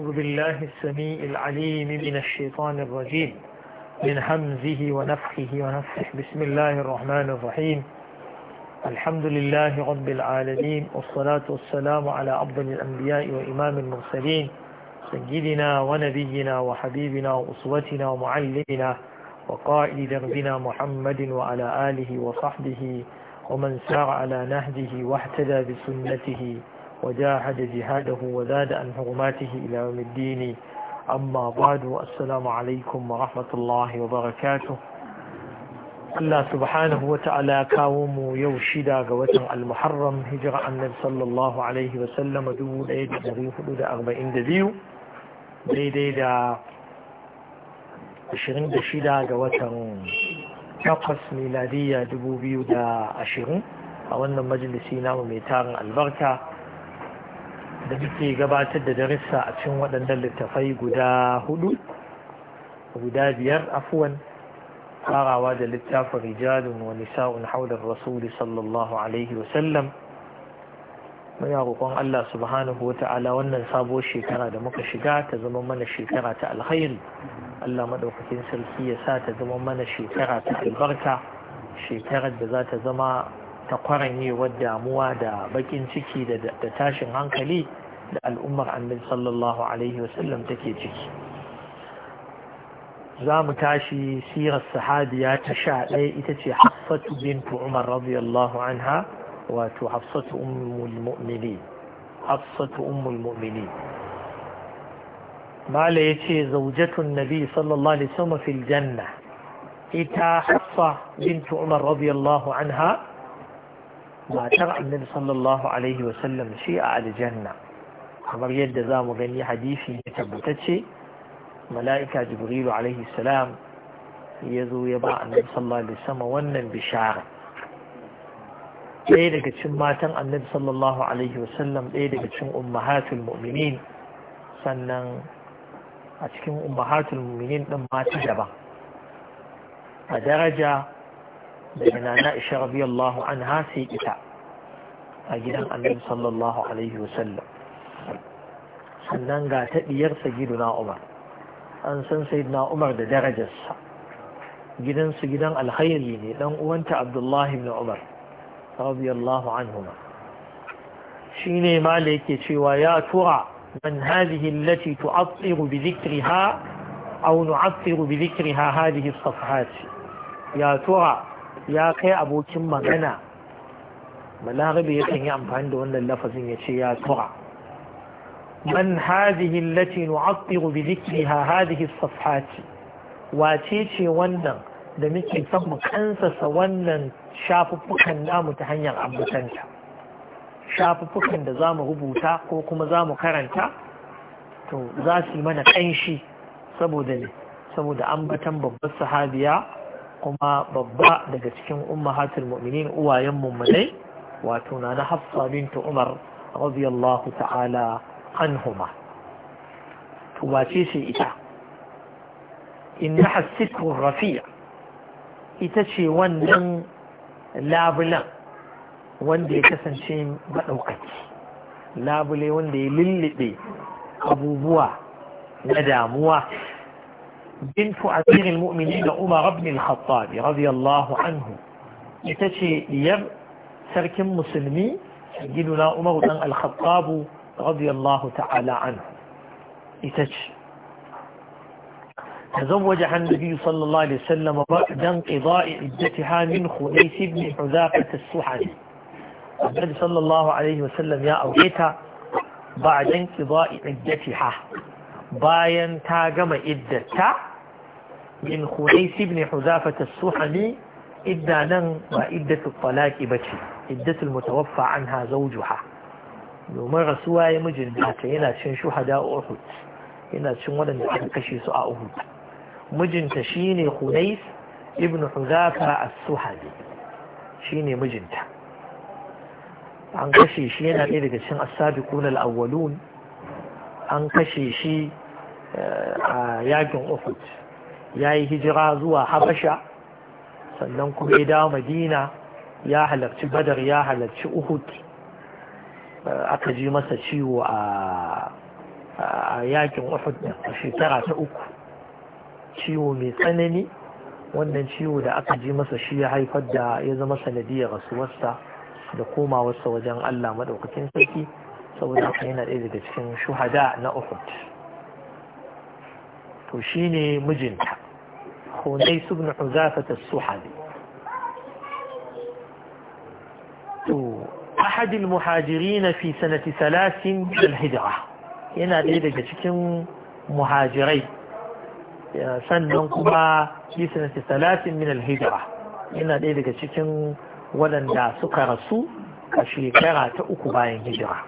أعوذ بالله السميع العليم من الشيطان الرجيم من حمزه ونفخه ونفخه بسم الله الرحمن الرحيم الحمد لله رب العالمين والصلاة والسلام على أفضل الأنبياء وإمام المرسلين سيدنا ونبينا وحبيبنا وأسوتنا ومعلمنا وقائد دربنا محمد وعلى آله وصحبه ومن سار على نهجه واهتدى بسنته وجاهد جهاده وزاد عن حرماته إلى يوم الدين أما بعد السلام عليكم ورحمة الله وبركاته Allah subhanahu wa ta'ala kawo mu yau shida ga watan al-Muharram hijira annabi sallallahu alaihi wa sallam 1442 daidai da 26 ga watan takwas miladiyya 2020 a wannan majalisi namu mai tarin albarka da muke gabatar da darissa a cikin waɗannan littafai guda hudu guda biyar afuwan farawa da littafin rijalun wa nisa'un haular rasuli sallallahu alaihi wasallam muna roƙon Allah subhanahu wa ta'ala wannan sabo shekara da muka shiga ta zama mana shekara ta alkhairi Allah maɗaukacin sarki ya sa ta zama mana shekara ta albarka shekarar da za ta zama ta kwaranyewar damuwa da bakin ciki da tashin hankali da al'ummar annabi sallallahu alaihi wasallam take ciki za mu tashi sirar sahabiya ta sha ɗaya ita ce hafsatu bintu umar radiyallahu anha wato hafsatu ummul mu'mini hafsatu ummul mu'mini mala ya ce zaujatun nabi sallallahu alaihi wasallam fil janna ita hafsa bintu umar radiyallahu anha matar annabi sallallahu alaihi wa wasallam shi a aljanna kamar yadda za mu gani hadisi ya tabbatacce mala'ika jibrilu alaihi salam ya zo ya ba annabi sallallahu alaihi wasallam wannan bishara ɗaya daga cin matan annabi sallallahu alaihi wa wasallam ɗaya daga cikin ummahatul mu'minin sannan a cikin ummahatul mu'minin ɗin mata daban a daraja daga nana isha radiyallahu anha sai ita a gidan annabi sallallahu alaihi wasallam sannan ga ta diyarsa na umar an san na umar da darajarsa gidansu gidan alkhairi ne dan uwanta abdullahi ibn umar radiyallahu anhuma shine ma da yake cewa ya tura man tu allati tu'athiru bi dhikriha aw nu'athiru bi dhikriha hadhihi as-safhat ya tura ya kai abokin magana balarabe yakan yi amfani da wannan lafazin ya ce ya tura man hadihi lati nu'attiru bi dhikriha hadihi as-safhati wace ce wannan da muke son mu kansasa wannan shafuffukan namu ta hanyar ambatanta shafuffukan da zamu rubuta ko kuma zamu karanta to za su yi mana kanshi saboda ne saboda ambatan babbar sahabiya kuma babba daga cikin ummahatul mumini uwayen mummunai wato na na hafsa bintu umar radiyallahu ta'ala anhuma to wace ita inna sitru rafi'a ita ce wannan labulan wanda ya kasance maɗaukaci labule wanda ya lullube abubuwa na damuwa بنت أمير المؤمنين عمر بن الخطاب رضي الله عنه يتشي ليب سرك مسلمي سجلنا عمر بن الخطاب رضي الله تعالى عنه يتشي عن النبي صلى الله عليه وسلم بعد انقضاء عدتها من خليس بن حذافة السحني النبي صلى الله عليه وسلم يا أوقيتا بعد انقضاء عدتها باين تاقم عدتها min khunais ibn huzafa ta suhami idda nan ba iddatu talaqi bace iddatu mutawaffa anha zawjuha domin rasuwa ya mijin ta yana cin shuhada uhud yana cin waɗanda aka kashe su a uhud mijinta shine hunais ibn huzafa as-suhami shine mijinta an kashe shi yana ɗaya daga cin as-sabiqun awwalun an kashe shi eh, a yakin uhud ya yi hijira zuwa habasha sannan kuma ya dawo madina ya halarci badar ya halarci uhud eh, aka ji masa ciwo a yakin uhud a shekara ta uku ciwo mai tsanani wannan ciwo da aka ji masa shi ya haifar da ya zama sanadiyar rasuwarsa da komawarsa wajen allah maɗaukakin sarki saboda haka yana ɗaya daga cikin shuhada na uhud to shine mijinta hunais ibn huzafat as-suhabi to ahad muhajirin fi sanati 30 al-hijra yana ɗaya daga cikin muhajirai sannan kuma fi sanati 30 min al-hijra yana ɗaya daga cikin waɗanda suka rasu a shekara ta uku bayan hijira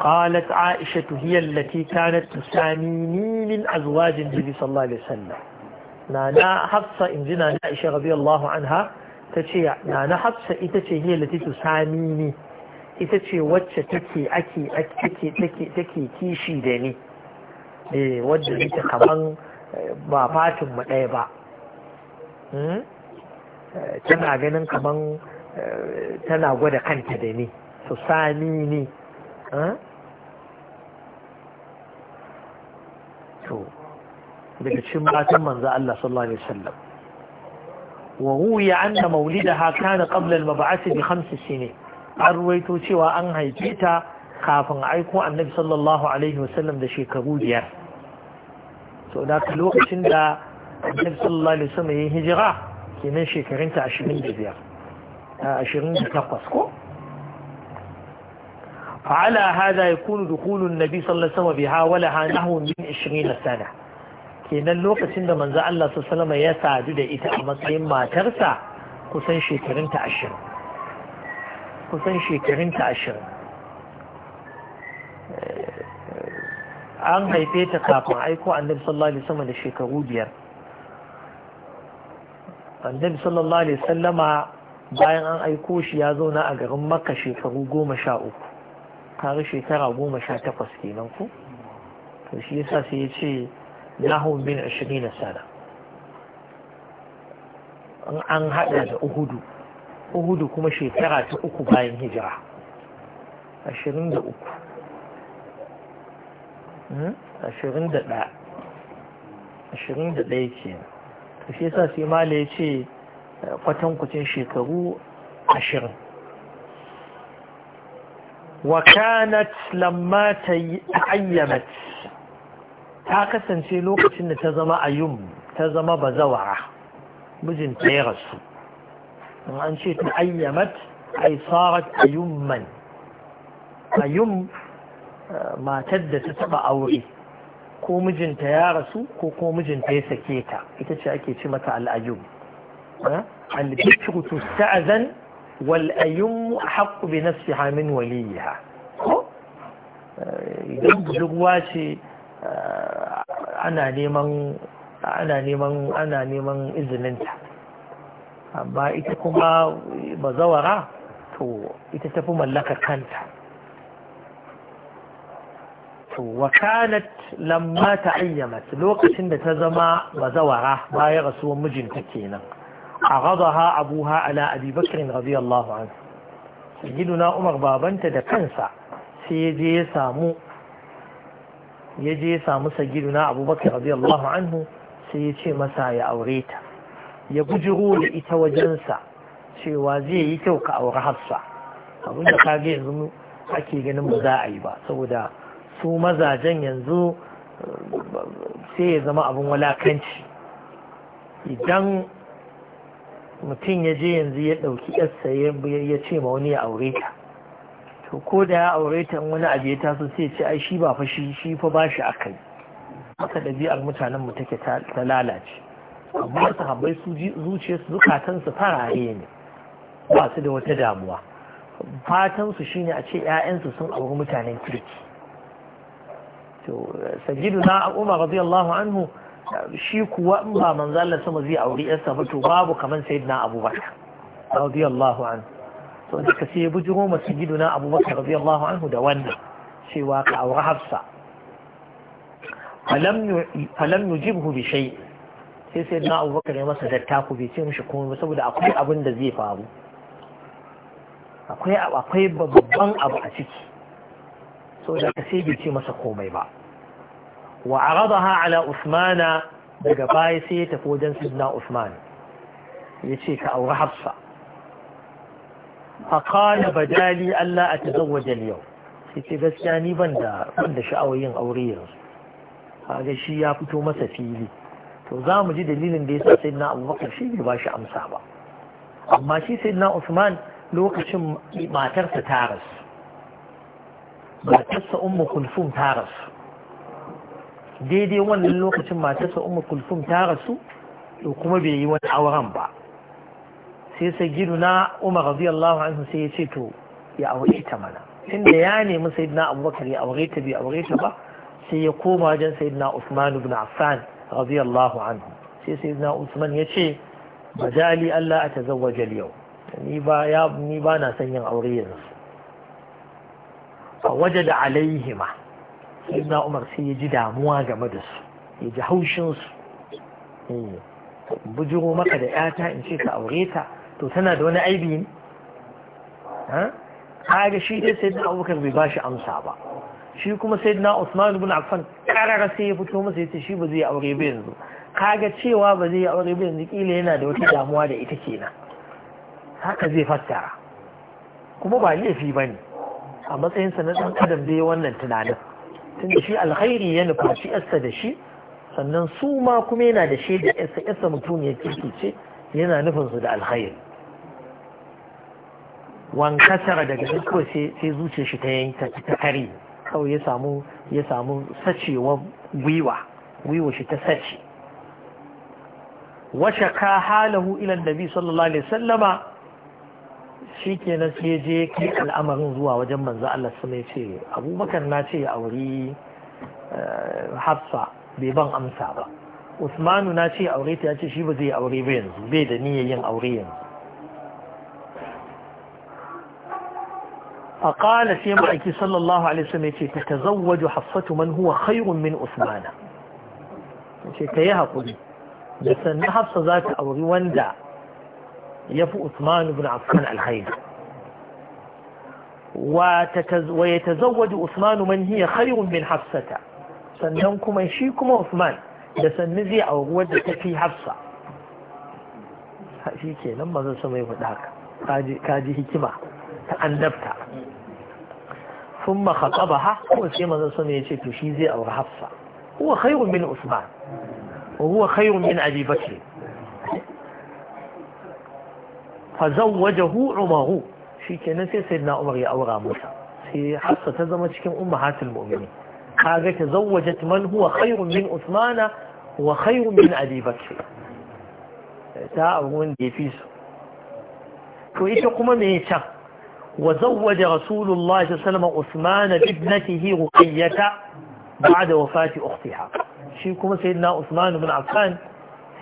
قالت عائشة هي التي كانت تساميني من أزواج النبي صلى الله عليه وسلم نانا حفصة إن زنا عائشة رضي الله عنها تشيع نانا حفصة إتشي هي التي تساميني إتشي واتش تكي أكي أكي تكي تكي تكي كيشي دني إيه ودى إتشي كمان ba fatin mu ɗaya ba tana ganin kaman tana gwada kanta da ni su sami ni to daga cikin matan manzo Allah sallallahu alaihi wasallam wa ruya anna maulidaha kana qabla al-mab'ath bi khams sinin an ruwaito cewa an haife ta kafin aiko annabi sallallahu alaihi wasallam da shekaru biyar so da lokacin da annabi sallallahu alaihi wasallam ya hijira kenan shekarunta 25 28 ko فعلى هذا يكون دخول النبي صلى الله عليه وسلم بها ولها نحو من 20 سنة kenan lokacin da manzo Allah sallama ya sadu da ita a matsayin matarsa kusan shekarunta ashirin kusan shekarunta ashirin an haife ta kafin aiko annabi sallallahu alaihi wasallam da shekaru biyar annabi sallallahu alaihi wasallama bayan an aiko shi ya zauna a garin makka shekaru goma sha uku kaga shekara goma sha takwas kenan ku to shi yasa sai ya ce nahun bin ashirin na sana an haɗa da uhudu uhudu kuma shekara ta uku bayan hijira ashirin da uku hmm? ashirin da ɗaya ashirin da ɗaya ke to shi yasa sai mala ya ce kwatankwacin shekaru ashirin وكانت لما تعيمت تاكسا في لوقت ان تزمى ايوم تزمى بزوعة بزن تيغس وان شيء تعيمت اي صارت ايوما ايوم آه، ما تد تتبع اوري كو مجن تيغس كو كو مجن تيسكيتا اتشاكي شمتا الايوم ها الذي تستأذن wal ayyum haqqu bi nafsiha min idan budurwa ce eh, ana neman ana neman ana neman izininta amma ita kuma bazawara to ita tafi mallakar kanta to wakanat lamma ta ayyamat lokacin da ta zama bazawara bayan rasuwar mijinta kenan أغضها أبوها على أبي بكر رضي الله عنه سيدنا أمر بابنت دا كنسا سيدي سامو يجي سامو سيدنا أبو بكر رضي الله عنه سيدي مسا يا أوريتا يبجروا لإتا وجنسا شيوازي يتوك أو رحصا أقول لك أجي yanzu أكي جنم ba za a yi ba saboda su mazajen yanzu sai idan mutum ya je yanzu ya ɗauki yarsa ya ce ma wani ya aure ta to ko da ya aure ta wani abu ya taso sai ce ai shi ba fa shi shi fa ba shi yi haka ɗabi'ar mutanen mu take ta lalace amma su habai su zuciya su zukatan su farare ne ba su da wata damuwa fatan su shine a ce ƴaƴansu sun auri mutanen kirki to sajidu na umar radiyallahu anhu shi kuwa in ba manzo Allah sama zai auri yarsa ba to babu kaman sayyidina Abubakar radiyallahu anhu to da kace ya bujiro masjiduna Abubakar radiyallahu anhu da wannan cewa ka aure Hafsa falam falam yujibhu bi shay sai sayyidina Abubakar ya masa datta ku bai ce mishi kuma saboda akwai abin da zai faru akwai akwai babban abu a ciki so da ka sai bai ce masa komai ba wa aradaha ala usmana daga baya sai ya tafi wajen sidna usman ya ce ka auri hafsa faƙala badali Allah a tazawwajen yau sai ce gaskiya ni ban da sha'awar yin aure yanzu Haga shi ya fito masa fili to za mu ji dalilin da ya sa sayyidina abubakar shi bai ba shi amsa ba amma shi sayyidina usman lokacin matarsa ta rasu matarsa ummu kulsum ta rasu daidai wannan lokacin matarsa Umar kulfum ta rasu to kuma bai yi wani auren ba sai sai na umar radiyallahu anhu sai ya ce to ya aure ta mana tunda ya nemi sayyidina abubakar ya aure ta bai aure ta ba sai ya koma wajen sayyidina usman ibn affan radiyallahu anhu sai sayyidina usman ya ce bajali Allah a tazawwaja yau ni ba ya ni ba na son yin aure yanzu fa wajada alaihima na umar sai ya ji damuwa game da su ya ji haushin su eh, bujiro maka da yata in ce ka aure ta to tana da wani aibi ne ga shi dai na abubakar bai bashi amsa ba shi kuma na usman ibn affan karara sai ya fito masa yace shi ba zai aure ba yanzu kaga cewa ba zai aure ba yanzu kila yana da wata damuwa da ita kenan haka zai fassara kuma ba laifi ne. a matsayinsa na ɗan adam dai wannan tunanin da shi alkhairi ya nufaci yarsa da shi sannan su ma kuma yana da shaida yarsa yarsa mutum ya kirki ce yana nufin su da alkhairi wankasara daga nan kawai sai zuciya shi ta yanka ta kare kawai ya samu ya samu sacewa gwiwa gwiwa shi ta sace washe ka halahu ilan nabi sallallahu alaihi sallama shike ke na je kai al'amarin zuwa wajen manzo Allah sama ya ce abubakar na ce a wuri eh, hafsa bai ban amsa ba usmanu na ce aure ta ya ce shi ba zai aure ba yanzu bai da niyyar yin aure yanzu فقال في معك صلى الله عليه وسلم تتزوج حفصة من هو خير من أثمان كيها قولي لسن حفصة ذات أوري واندع yafi Usman ibn Affan alkhairi wa ya yatazawwaju Usman man hiya khairun min Hafsata sannan kuma shi kuma Usman da sannu zai auri wadda ta tafi Hafsa shi nan mazan sama ya faɗa haka kaji hikima ta annabta ثم خطبها هو سيما نصم يشيك شيزي أو حفصة هو خير من عثمان وهو خير من أبي بكر فزوجه عمر شي كان سيدنا عمر يا أورا موسى في حصة تزمت كم أمهات المؤمنين هذا تزوجت من هو خير من عثمان وخير من أبي بكر تا أبوان ديفيس كويتو قم ميتا وزوج رسول الله صلى الله عليه وسلم عثمان بابنته رقية بعد وفاة أختها شيكم سيدنا عثمان بن عفان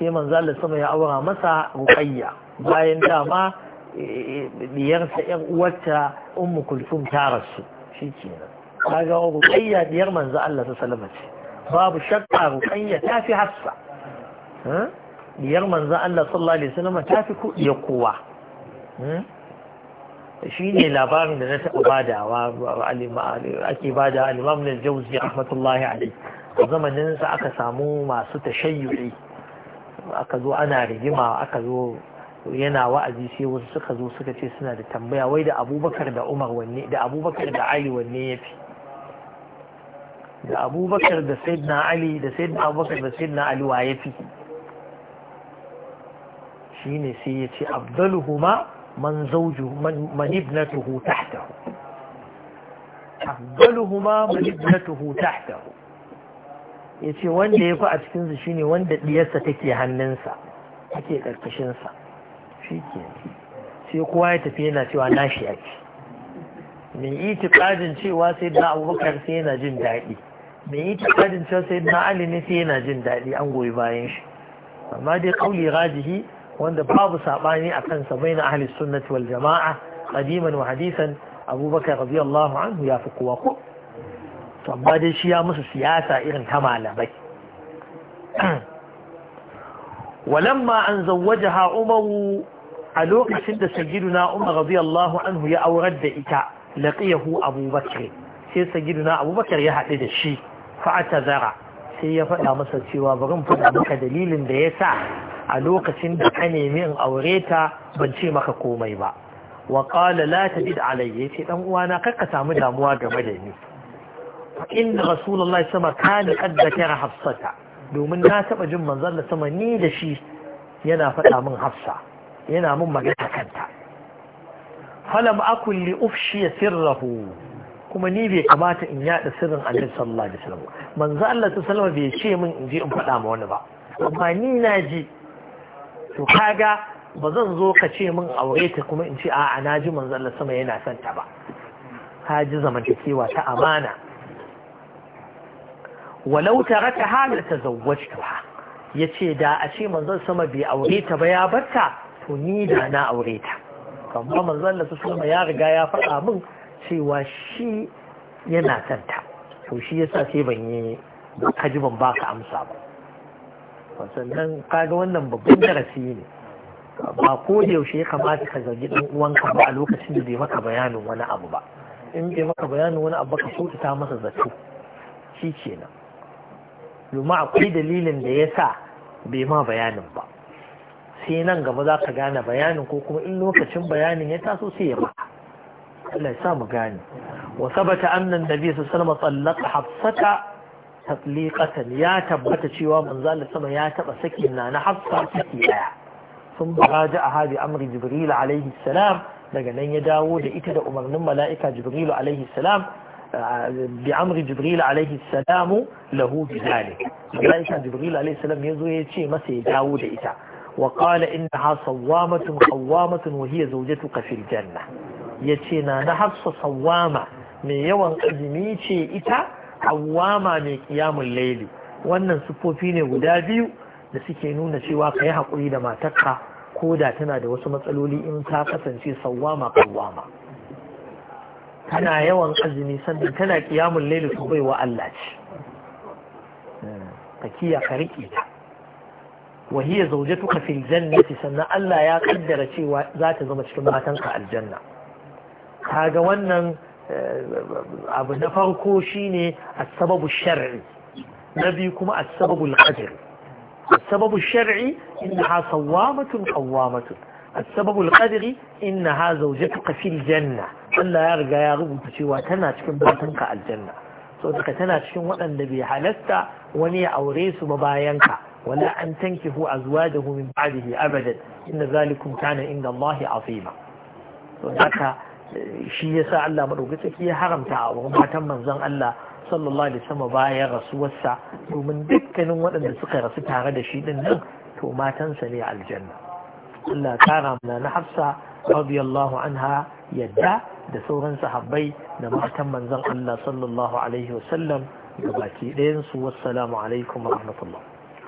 sai manzo Allah sama ya aura masa ruqayya bayan dama e, e, diyarsa yan uwarta ummu kulsum ta rasu shikenan kaga ruqayya diyar manzo Allah salama ce, babu shakka ruqayya ta fi hafsa hm? diyar manzo Allah sallallahu alaihi wasallam ta fi ya kowa hm? shi ne labarin da na taɓa badawa ake bada al-imam al-jawzi rahmatullahi alaihi a zamaninsa aka samu masu tashayyu'i aka zo ana rigima aka zo yana wa'azi sai wasu suka zo suka ce suna da tambaya wai da abubakar da umar wanne da abubakar da ali wanne ya fi da abubakar da sayyidina ali da sayyidina abubakar da sayyidina ali wa ya fi shi ne sai ya ce abdaluhuma man zauju man ibnatuhu tahtahu abdaluhuma man ibnatuhu tahtahu ya ce wanda ya fi a cikinsu ne wanda ɗiyarsa take hannunsa take ƙarƙashinsa shi ke sai kowa ya tafi yana cewa na shi ake mai itiƙadin cewa sai da abubakar sai yana jin daɗi mai itiƙadin cewa sai da ali ne sai yana jin daɗi an goyi bayan shi amma dai ƙauli rajihi wanda babu saɓani a kansa bai na ahli sunnati wal jama'a qadiman wa hadisan abubakar radiyallahu anhu ya fi kowa ko to amma dai shi ya musu siyasa irin ta malamai walamma an ha umaru a lokacin da sayyiduna umar radiyallahu anhu ya aurar da ita laqiyahu abubakar sai sayyiduna abubakar ya haɗu da shi fa'ata zara sai ya faɗa masa cewa bari in faɗa maka dalilin da ya sa a lokacin da ka nemi in aure ta ban ce maka komai ba wa qala la tajid alayya ce dan uwana kar ka samu damuwa game da ni inna rasulullahi sama kana qad zakara hafsata domin na taba jin manzon da sama ni da shi yana faɗa min hafsa yana min magana kanta falam akul li ufshi sirrahu kuma ni bai kamata in yada sirrin annabi sallallahu alaihi wasallam manzo Allah ta sallama bai ce min in je in faɗa ma wani ba amma ni na ji to kaga ba zan zo ka ce min aure ta kuma in ce a'a na ji manzo Allah sama yana son ta ba ka ji zamantakewa ta amana walau tarakaha ta Ya yace da a ce manzon sama bai aure ta ba ya barta to ni da na aure ta amma manzon Allah sama ya riga ya faɗa min cewa shi yana santa to shi sa sai ban yi kaji ban baka amsa ba sannan kaga wannan babban darasi ne ba ko da yaushe ya kamata ka zargi dan uwanka ba a lokacin da bai maka bayanin wani abu ba in bai maka bayanin wani abu ka so ta masa zato shi kenan domin akwai dalilin da ya sa bai ma bayanin ba sai nan gaba za ka gane bayanin ko kuma in lokacin bayanin ya taso sai ya ba Allah ya sa mu gane wa sabata annan nabi sallallahu alaihi wasallam hafsata tatliqatan ya tabbata cewa manzo Allah sama ya taba sakin na na hafsa saki daya sun baraja a hadi amri jibril alaihi salam daga nan ya dawo da ita da umarnin mala'ika jibrilu alaihi salam بعمر جبريل عليه السلام له بذلك ملائكة جبريل عليه السلام يزو يتشي مسي داود إتا وقال إنها صوامة قوامة وهي زوجتك في الجنة يتشي نحص صوامة من يوان أزميتشي إتا قوامة من قيام الليل wannan siffofi ne guda biyu da suke nuna cewa ka yi haƙuri da matarka ko da tana da wasu matsaloli in ta kasance sawama kawama tana yawan azumi sannan tana kiyamun laili to bai wa Allah ce ka kiya ka riƙe ta wa hiya zawjatuka fil jannati sannan Allah ya kaddara cewa za ta zama cikin matan ka aljanna kaga wannan eh, abu na farko shine as-sababu shar'i na biyu kuma as-sababu al-qadari as-sababu shar'i innaha sawwamatun qawwamatun السبب القدري إنها زوجتك في الجنة ألا يرجى يغب تشوى تنا تكن باتنك الجنة صدق تنا تشن وأن نبي حلست وني أوريس مباينك ولا أن تنكه أزواجه من بعده أبدا إن ذلكم كان عند الله عظيما صدق shi ya sa Allah maɗaukaki ya haramta wa matan manzon Allah sallallahu alaihi wasallam bayan rasuwarsa domin dukkanin waɗanda suka rasu tare da shi din nan to matansa ne aljanna Allah kara mana na hafsa radiyallahu anha yadda da sauran sahabbai da matan manzon Allah sallallahu alaihi wasallam gabaki ɗayan su wassalamu alaikum wa rahmatullah